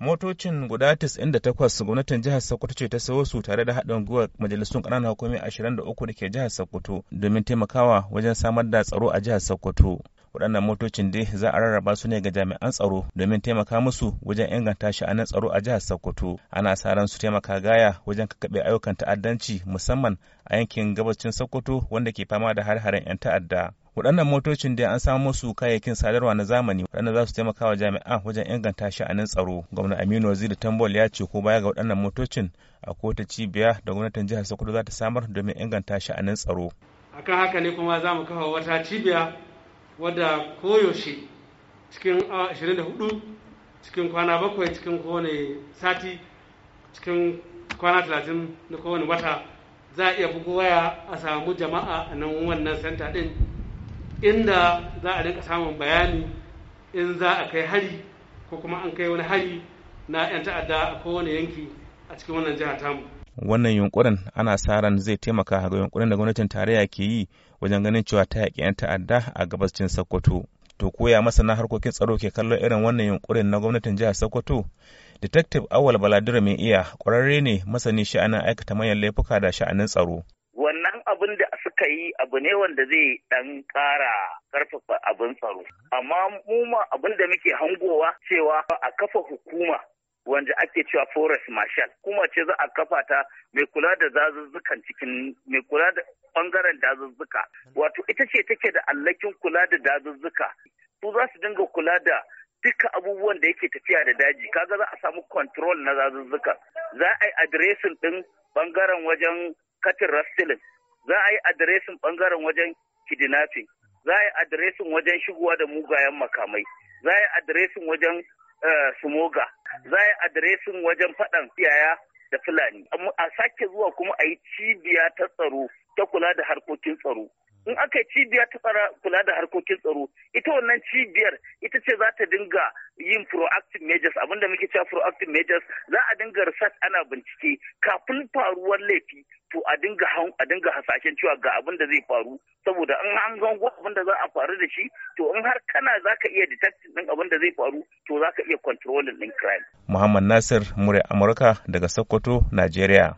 motocin guda 98 gwamnatin jihar sokoto ce ta sayo su tare da haɗin gwiwar majalisun ƙananan hukumi 23 da ke jihar sokoto domin taimakawa wajen samar da tsaro a jihar sokoto waɗannan motocin dai za a rarraba su ne ga jami'an tsaro domin taimaka musu wajen inganta sha'anin tsaro a jihar sokoto ana sa ran su taimaka gaya wajen kakaɓe ayyukan ta'addanci musamman a yankin gabacin sokoto wanda ke fama da har-haren 'yan ta'adda waɗannan motocin da an samo su kayayyakin sadarwa na zamani waɗanda za su taimaka wa jami'an wajen inganta sha'anin tsaro gwamna aminu waziri tambol ya ce ko baya ga waɗannan motocin a kota cibiya da gwamnatin jihar sokoto za ta samar domin inganta sha'anin tsaro akan haka ne kuma za mu kafa wata cibiya wadda koyaushe cikin awa 24 cikin kwana bakwai cikin kowane sati cikin kwana 30 na kowane wata za a iya bugu waya a samu jama'a a nan wannan santa din inda za a rinka samun bayani in za a kai hari ko kuma an kai wani hari na 'yan ta'adda a kowane yanki a cikin wannan jiha tamu wannan yunkurin ana sa ran zai taimaka ga yunkurin da gwamnatin tarayya ke yi wajen ganin cewa ta yaƙi 'yan ta'adda a gabashin sokoto to koya masana harkokin tsaro ke kallon irin wannan yunkurin na gwamnatin jihar sokoto detective awal baladira mai iya ƙwararre ne masani sha'anin aikata manyan laifuka da sha'anin tsaro da suka yi abu ne wanda zai dan kara karfafa abin tsaro amma mu ma abin da muke hangowa cewa a kafa hukuma wanda ake cewa forest marshal kuma ce za a kafa ta mai kula da zazuzzukan cikin mai kula da bangaren dazuzzuka wato ita ce take da allakin kula da dazuzzuka su za su dinga kula da duka abubuwan da yake tafiya da daji kaga za a samu control na zazuzzuka za a yi adiresin din bangaren wajen katin rastilin za a yi adireshin ɓangaren wajen kidinafin. za a yi adireshin wajen shigowa da mugayen makamai za a yi adireshin wajen eh, sumoga. za a yi adireshin wajen faɗan yaya da fulani a sake zuwa kuma a yi cibiya ta tsaro ta kula da harkokin tsaro cibiya ta tsara kula da harkokin tsaro ita wannan cibiyar ita ce za ta dinga yin proactive measures abinda muke cewa proactive measures za a dinga research ana bincike kafin faruwar laifi to a dinga a dinga hasashen cewa ga abin da zai faru saboda in an gango abin da za a faru da shi to in har kana za ka iya detecting din abin da zai faru to za ka iya controlling din crime. Muhammad Nasir, Murya Amurka daga Sokoto, Najeriya.